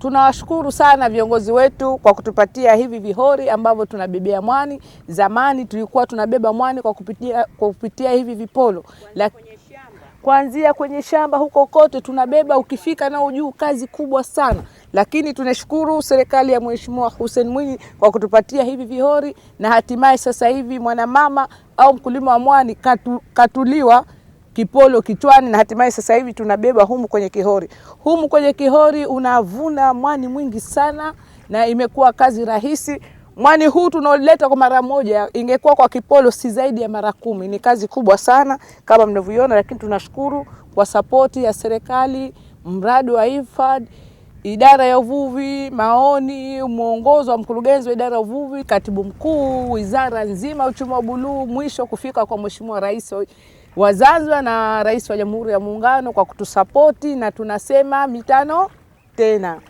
Tunawashukuru sana viongozi wetu kwa kutupatia hivi vihori ambavyo tunabebea mwani. Zamani tulikuwa tunabeba mwani kwa kupitia, kwa kupitia hivi vipolo kuanzia kwenye shamba huko kote tunabeba, ukifika na ujuu, kazi kubwa sana lakini tunashukuru serikali ya Mheshimiwa Hussein Mwinyi kwa kutupatia hivi vihori, na hatimaye sasa hivi mwanamama au mkulima wa mwani katu, katuliwa kipolo kichwani, na hatimaye sasa hivi tunabeba humu kwenye kihori. Humu kwenye kihori unavuna mwani mwingi sana, na imekuwa kazi rahisi. Mwani huu tunaoleta kwa mara moja, ingekuwa kwa kipolo si zaidi ya mara kumi. Ni kazi kubwa sana kama mnavyoiona, lakini tunashukuru kwa sapoti ya serikali, mradi wa IFAD, idara ya uvuvi, maoni, mwongozo wa mkurugenzi wa idara ya uvuvi, katibu mkuu, wizara nzima uchumi wa buluu, mwisho kufika kwa Mheshimiwa Rais wa Zanzibar na Rais wa Jamhuri ya Muungano kwa kutusapoti, na tunasema mitano tena.